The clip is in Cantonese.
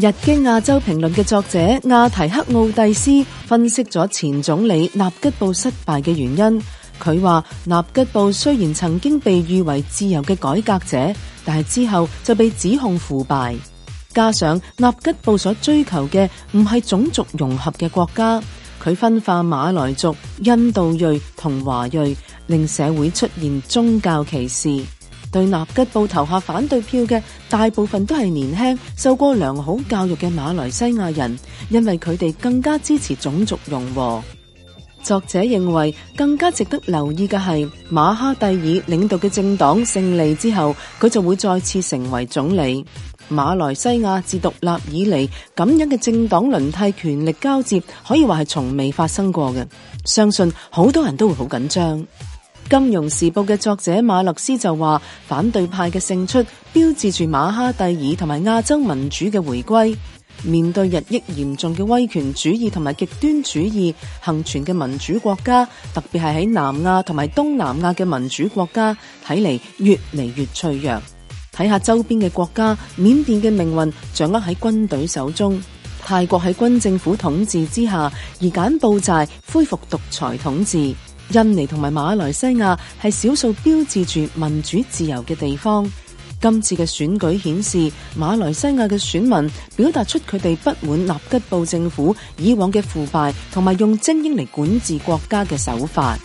日經亞洲評論嘅作者瓦提克奧蒂斯分析咗前總理納吉布失敗嘅原因。佢話，納吉布雖然曾經被譽為自由嘅改革者，但係之後就被指控腐敗。加上納吉布所追求嘅唔係種族融合嘅國家，佢分化馬來族、印度裔同華裔，令社會出現宗教歧視。對納吉布投下反對票嘅大部分都係年輕、受過良好教育嘅馬來西亞人，因為佢哋更加支持種族融合。作者認為，更加值得留意嘅係馬哈蒂爾領導嘅政黨勝利之後，佢就會再次成為總理。馬來西亞自獨立以嚟，咁樣嘅政黨輪替、權力交接，可以話係從未發生過嘅。相信好多人都會好緊張。金融時報嘅作者馬勒斯就話，反對派嘅勝出，標誌住馬哈蒂爾同埋亞洲民主嘅回歸。面對日益嚴重嘅威權主義同埋極端主義，幸存嘅民主國家，特別係喺南亞同埋東南亞嘅民主國家，睇嚟越嚟越脆弱。睇下周邊嘅國家，緬甸嘅命運掌握喺軍隊手中；泰國喺軍政府統治之下，而柬埔寨恢復獨裁統治。印尼同埋馬來西亞係少數標誌住民主自由嘅地方。今次嘅選舉顯示，馬來西亞嘅選民表達出佢哋不滿納吉布政府以往嘅腐敗，同埋用精英嚟管治國家嘅手法。